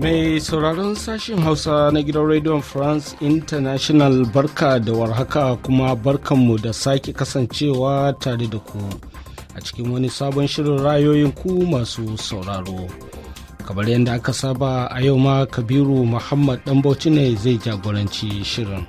Mai sauraron sashen Hausa na gidan Radio France International barka da warhaka kuma barkanmu da sake kasancewa tare da ku a cikin wani sabon shirin rayoyin ku masu sauraro. Kamar yadda aka saba a yau ma Kabiru Muhammad Dambauci ne zai jagoranci shirin.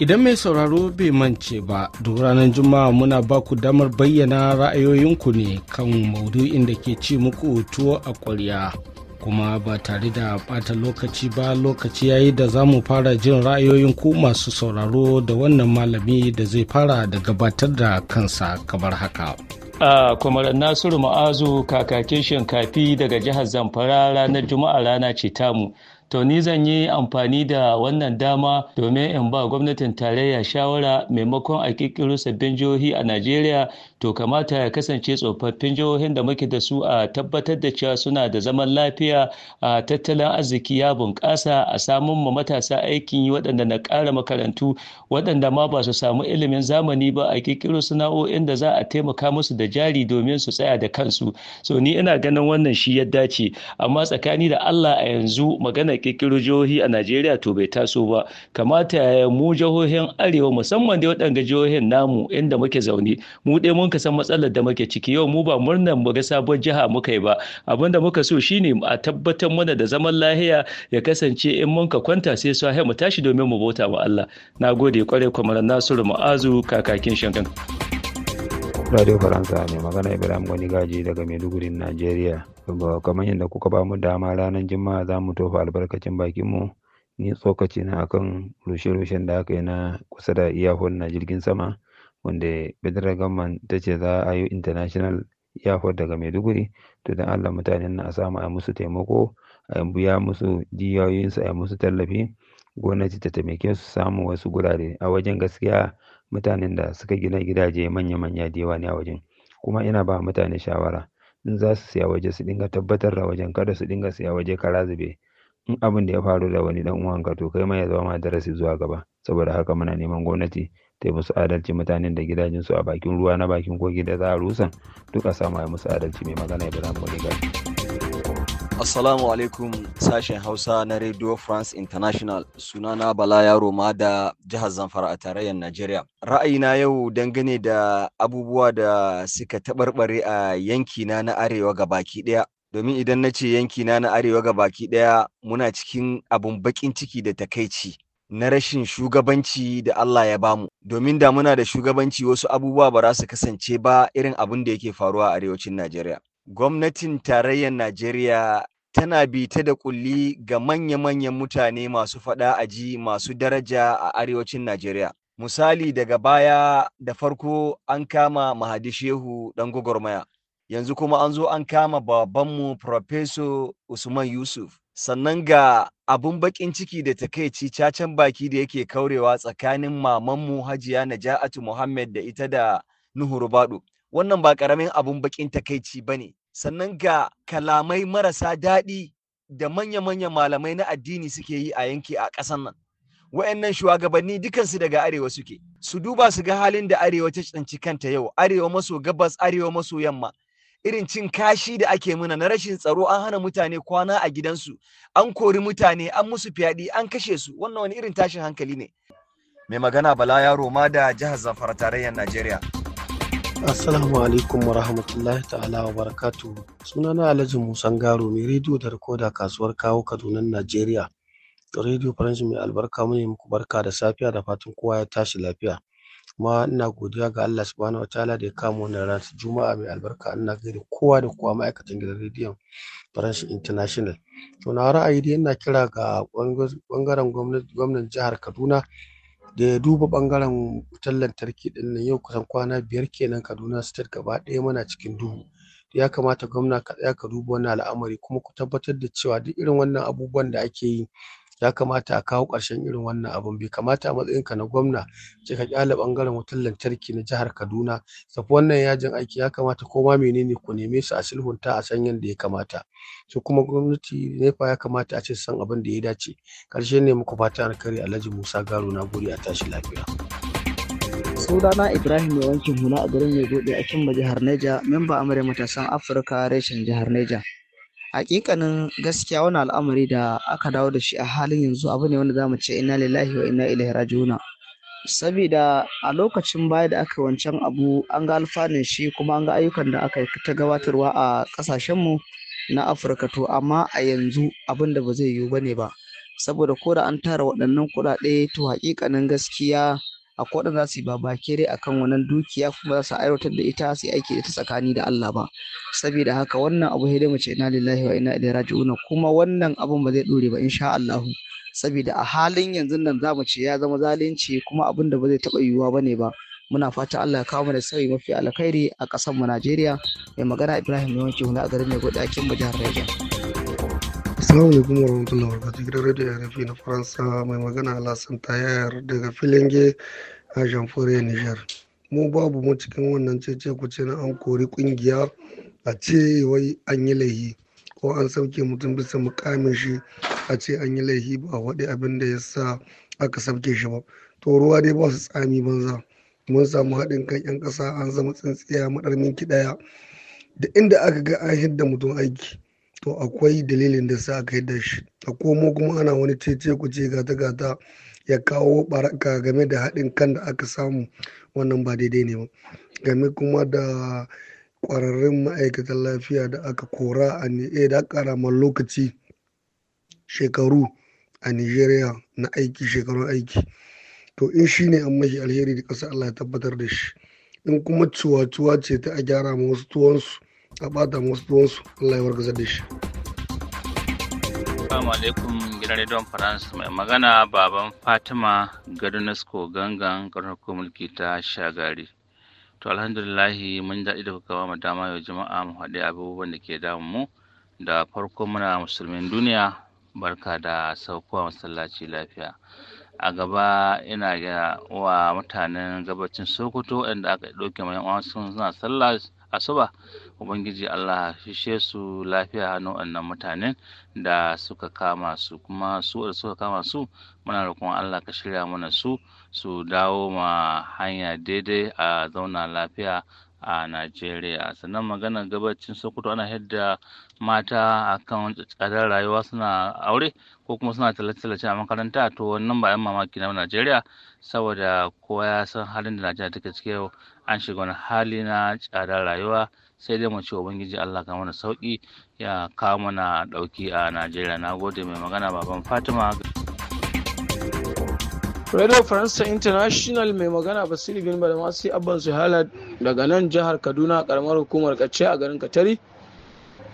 Idan mai sauraro bai mance ba, duk ranar Juma'a muna ba ku damar bayyana ra'ayoyinku ne kan maudu'in da ke ci muku tuwo a ƙwarya. Kuma ba tare da bata lokaci ba lokaci yayi da za mu fara jin ra'ayoyin ku masu sauraro da wannan malami da zai fara da gabatar da kansa kamar haka. a kwamarar nasiru ma'azu kakakin shinkafi daga jihar zamfara ranar juma'a rana ce tamu to ni zan yi amfani da wannan dama domin in ba gwamnatin tarayya shawara maimakon a kirkiro sabbin jihohi a najeriya to kamata ya kasance tsofaffin jihohin da muke da su a tabbatar da cewa suna da zaman lafiya a tattalin arziki ya bunƙasa a samun ma matasa aikin yi waɗanda na ƙara makarantu waɗanda ma ba su samu ilimin zamani ba a kirkiro sana'o'in da za a taimaka musu da jari domin su tsaya da kansu so ni ina ganin wannan shi ya dace amma tsakani da allah a yanzu magana kirkiro jihohi a Najeriya to bai taso ba kamata ya mu jihohin arewa musamman da waɗanga jihohin namu inda muke zaune mu dai mun san matsalar da muke ciki yau mu ba murnar mu ga sabon jiha muka yi ba abinda muka so shine a tabbatar mana da zaman lahiya ya kasance in mun ka kwanta sai su mu tashi domin mu bauta wa Allah nagode kwarai kwamaran Nasiru Ma'azu kakakin Shankan. Radio Faransa ne magana Ibrahim Gwani Gaji daga Maiduguri, Najeriya. Kamar yadda kuka ba mu dama ranar Juma'a za mu tofa albarkacin bakinmu ni tsokaci na akan rushe-rushen da aka yi na kusa da iyahun na jirgin sama wanda Federal Gamman ta ce za a yi international iyahun daga Maiduguri to don Allah mutanen na a samu a musu taimako a biya musu jiyoyinsu a musu tallafi gwamnati ta taimake su samu wasu gurare a wajen gaskiya mutanen da suka gina gidaje manya-manya da yawa ne a wajen. Kuma ina ba mutane shawara in za su siya waje su dinga tabbatar da wajen kada su dinga siya waje kara zube. In abin da ya faru da wani dan uwan ka to kai ma ya zama ma darasi zuwa gaba. Saboda haka muna neman gwamnati ta yi musu adalci mutanen da gidajensu a bakin ruwa na bakin kogi da za a rusa duk a samu a yi musu adalci mai magana da za mu Assalamu alaikum sashen Hausa na Radio France International sunana Bala Yaro ma da jihar Zamfara a tarayyar Najeriya. Ra'ayina yau dangane da abubuwa da suka taɓarɓare a yankina na arewa ga baki ɗaya. Domin idan na ce yankina na arewa ga baki ɗaya muna cikin abun baƙin ciki da takaici. na rashin shugabanci da Allah ya bamu domin da muna da shugabanci wasu abubuwa ba za su kasance ba irin abin da yake faruwa a arewacin Najeriya. Gwamnatin Tarayyar Najeriya tana bita da kulli ga manya-manyan mutane masu faɗa aji masu daraja a arewacin Najeriya. Misali daga baya da farko an kama Mahadi Shehu ɗan gwagwarmaya. Yanzu kuma an zo an kama babanmu Profeso Usman Yusuf. Sannan ga abun baƙin ciki da takaici cacan baki da yake kaurewa tsakanin mamanmu Hajiya Naja'atu Muhammad da ita da Nuhu Rubadu. wannan ba ƙaramin abun baƙin takaici ba ne sannan ga kalamai marasa daɗi da manya-manyan malamai na addini suke yi a yanki a ƙasan nan wa'annan shugabanni dukansu daga arewa suke su duba su ga halin da arewa ta tsinci kanta yau arewa maso gabas arewa maso yamma irin cin kashi da ake muna na rashin tsaro an hana mutane kwana a gidansu an kori mutane an musu fyaɗe an kashe su wannan wani irin tashin hankali ne mai magana bala yaro ma da jihar zamfara tarayyar najeriya Assalamu alaikum wa rahmatullahi ta'ala wa barakatu. suna na Alhaji Musan Garo mai rediyo da rikoda kasuwar kawo Kaduna Najeriya. Rediyo Faransu mai albarka mu ne muku barka da safiya da fatan kowa ya tashi lafiya. Kuma ina godiya ga Allah subhanahu ta'ala da ya kamo na ran Juma'a mai albarka ina gaida kowa da kowa ma'aikatan gidan rediyon Faransu International. To na ra'ayi dai ina kira ga bangaren gwamnan jihar Kaduna da ya duba ɓangaren wutar lantarki ɗin nan yau kusan kwana biyar kenan Kaduna State gaba ɗaya muna cikin duhu. Ya kamata gwamna ka tsaya ka duba wannan al'amari kuma ku tabbatar da cewa duk irin wannan abubuwan da ake yi ya kamata a kawo ƙarshen irin wannan abun bai kamata a ka na gwamna sai ka kyale bangaren wutar lantarki na jihar Kaduna tafi wannan yajin aiki ya kamata ko ma menene ku neme su a sulhunta a san yadda ya kamata su kuma gwamnati nefa ya kamata a ce san abin da ya dace ƙarshe ne muku fata alkhairi Alhaji Musa Garo na gode a tashi lafiya. sunana ibrahim mai wankin hula a garin mai gode a kimba jihar neja memba amurai matasan afirka reshen jihar neja Hakikanin gaskiya wani al'amari da aka dawo da shi a halin yanzu abu ne wanda za mu ce ina lillahi wa inna ilaihi raji'una. Sabida a lokacin baya da aka wancan abu an ga alfanun shi kuma an ga ayyukan da aka yi ta gabatarwa a mu na Afirka to amma a yanzu abin da ba zai yiwu ba ne ba. Saboda ko da an tara waɗannan kuɗaɗe to hakikanin gaskiya akwai waɗanda za su yi babake dai akan wannan dukiya kuma za su aiwatar da ita su yi aiki da ta tsakani da Allah ba saboda haka wannan abu dai mu ce inna lillahi wa inna ilaihi raji'un kuma wannan abun ba zai dore ba insha Allah saboda a halin yanzu nan za mu ce ya zama zalunci kuma abin da ba zai taba yiwuwa ba ne ba muna fata Allah ya kawo mu da sauyi mafi alkhairi a ƙasar mu Najeriya mai magana Ibrahim Yawanci hula a garin mai a Kimba jihar Niger. Assalamu alaikum wa barakatuh gidan radio RFI na Faransa mai magana Alasan Tayar daga Filinge a fure Niger. Mu babu mu cikin wannan cece kuce na an kori kungiya a ce wai an yi laihi ko an sauke mutum bisa mukamin shi a ce an yi laihi ba waɗe abin da ya sa aka sauke shi ba. To ruwa dai ba su tsami banza. Mun samu haɗin kan 'yan ƙasa an zama tsintsiya maɗarmin kiɗaya da inda aka ga an hidda mutum aiki. to akwai dalilin da sa aka yi da shi a komo kuma ana wani cece ce gata gata ya kawo baraka game da haɗin kan da aka samu wannan ba daidai ne ba game kuma da ƙwararrun ma'aikatan lafiya da aka kora a ne'e eh, da aka lokaci shekaru a nigeria na aiki shekarun aiki to in shi ne an mashi alheri da ƙasa allah ya tabbatar da shi in kuma cuwa-cuwa ce ta a gyara ma wasu tuwansu a bata musu tuwonsu Allah ya warga da shi. Assalamu alaikum gidan rediyon Faransa mai magana baban Fatima Gadunasko gangan ƙarfin mulki ta shagari. To alhamdulillah mun daɗi da kuka bamu dama yau jama'a mu haɗe abubuwan da ke damun mu da farko muna musulmin duniya barka da saukowa masallaci lafiya. a gaba ina ga wa mutanen gabacin sokoto inda aka ɗauke mai sun suna sallah asuba ubangiji allah shishe su lafiya hannu wannan mutanen da suka kama su kuma su da suka kama su muna roƙon allah ka shirya mana su su dawo ma hanya daidai a zauna lafiya a Najeriya. Sannan maganar gabacin Sokoto ana yadda mata a kan tsadar rayuwa suna aure ko kuma suna tallace-tallace a makaranta to wannan ba yan mamaki na Najeriya saboda kowa ya san halin da Najeriya take cike an shiga wani hali na tsadar rayuwa sai dai mu ce ubangiji Allah ka mana sauki ya kawo mana dauki a Najeriya. Na gode mai magana baban Fatima. Radio Faransa International mai magana Basiru da masu Abban Zuhala daga nan jihar Kaduna karamar hukumar Kace a garin Katari.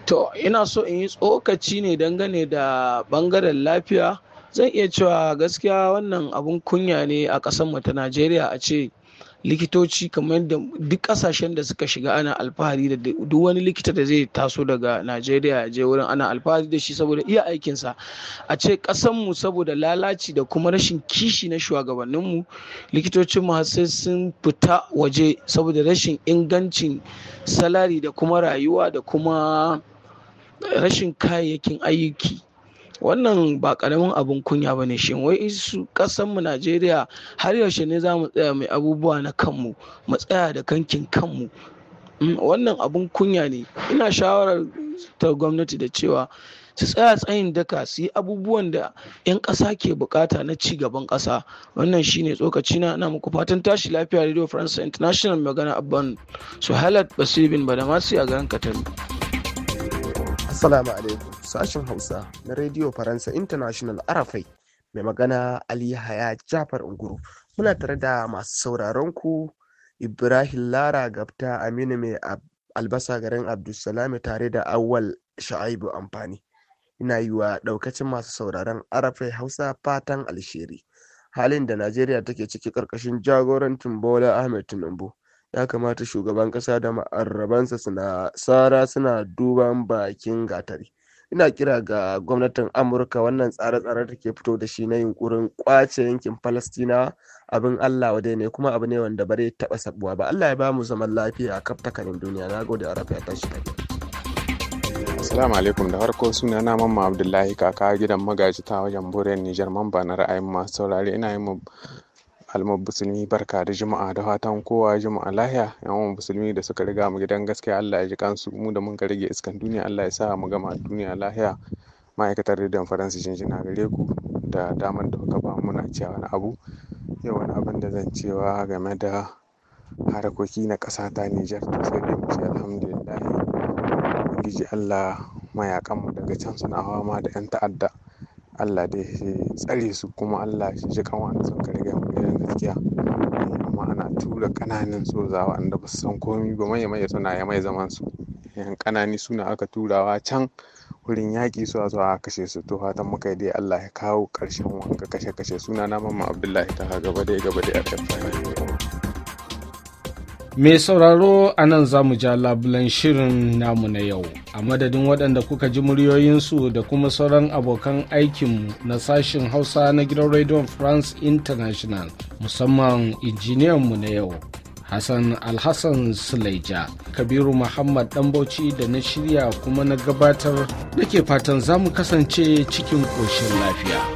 To ina so in yi tsokaci ne dangane da bangaren lafiya zan iya cewa gaskiya wannan abun kunya ne a ƙasar ta Najeriya a ce likitoci kamar yadda duk kasashen da suka shiga ana alfahari da duk wani likita da zai taso daga najeriya ya je wurin ana alfahari da shi saboda iya aikinsa a ce kasanmu saboda lalaci da kuma rashin kishi na shugabanninmu likitocinmu har sun fita waje saboda rashin ingancin salari da kuma rayuwa da kuma rashin kayayyakin aiki. wannan ba karamin abin kunya ba ne shin wai su mu najeriya har yaushe ne za mu tsaya mai abubuwa na kanmu mu tsaya da kankin kanmu mm, wannan abun kunya ne ina shawarar ta gwamnati da cewa su tsaya tsayin daka su yi abubuwan da 'yan ƙasa ke bukata na ci gaban ƙasa wannan shine tsokaci na ana muku fatan tashi lafiya radio france international magana abban Basir basirin badamasi a garin katalu Assalamu alaikum sashen Hausa na Radio Faransa International Arafai mai magana Ali Haya Jafar Unguru. Muna tare da masu sauraron ku Ibrahim Lara Gabta Aminu mai albasa garin Abdulsalami tare da Awwal Sha'aibu amfani. Ina yi wa ɗaukacin masu sauraron Arafai Hausa fatan alsheri. Halin da Najeriya take ciki ƙarƙashin jagorancin Bola Ahmed Tinubu. ya kamata shugaban kasa da ma'arrabansa suna sara suna duban bakin gatari ina kira ga gwamnatin amurka wannan tsare-tsare da ke fito da shi na yunkurin kwace yankin falastina abin allah wadai ne kuma abu ne wanda bare taba sabuwa ba allah ya ba mu zaman lafiya a kanin duniya na gode a ya tashi tafiya Assalamu alaikum da farko suna na mamma Abdullahi kaka gidan magaji ta wajen buren Nijar mamba na ra'ayin masu saurari ina yi kalmar musulmi barka da juma'a da fatan kowa juma'a lahiya yan musulmi da suka riga mu gidan gaskiya Allah ya ji kansu mu da mun ka rage iskan duniya Allah ya sa mu gama duniya lahiya ma'aikatar rediyon faransa jinjina gare ku da damar da kuka ba muna cewa wani abu yau wani abun da zan cewa game da harakoki na ƙasa ta Nijar ta sai dai mu ce alhamdulillah Allah mayakan mu daga can suna hawa ma da yan ta'adda allah da ya tsare su kuma allah shi ji kan wanda sun karga mu gaskiya amma ana tura kananan soza wanda ba su san komi ba mai mai suna ya mai zaman su yan kanani suna aka turawa can wurin yaƙi su a zuwa kashe su to fatan muka dai allah ya kawo ƙarshen wanka kashe kashe suna na mamma abdullahi ta gaba dai gaba dai a kan Me sauraro a nan za mu ja labulan shirin namu na yau, a madadin waɗanda kuka ji muryoyinsu da kuma sauran abokan aikinmu na sashin Hausa na gidan Radio France International, musamman injiniyanmu na yau. Hassan Alhassan Sulaija, Kabiru Muhammad Ɗanbauci da na shirya kuma na gabatar nake fatan za mu kasance cikin koshin lafiya.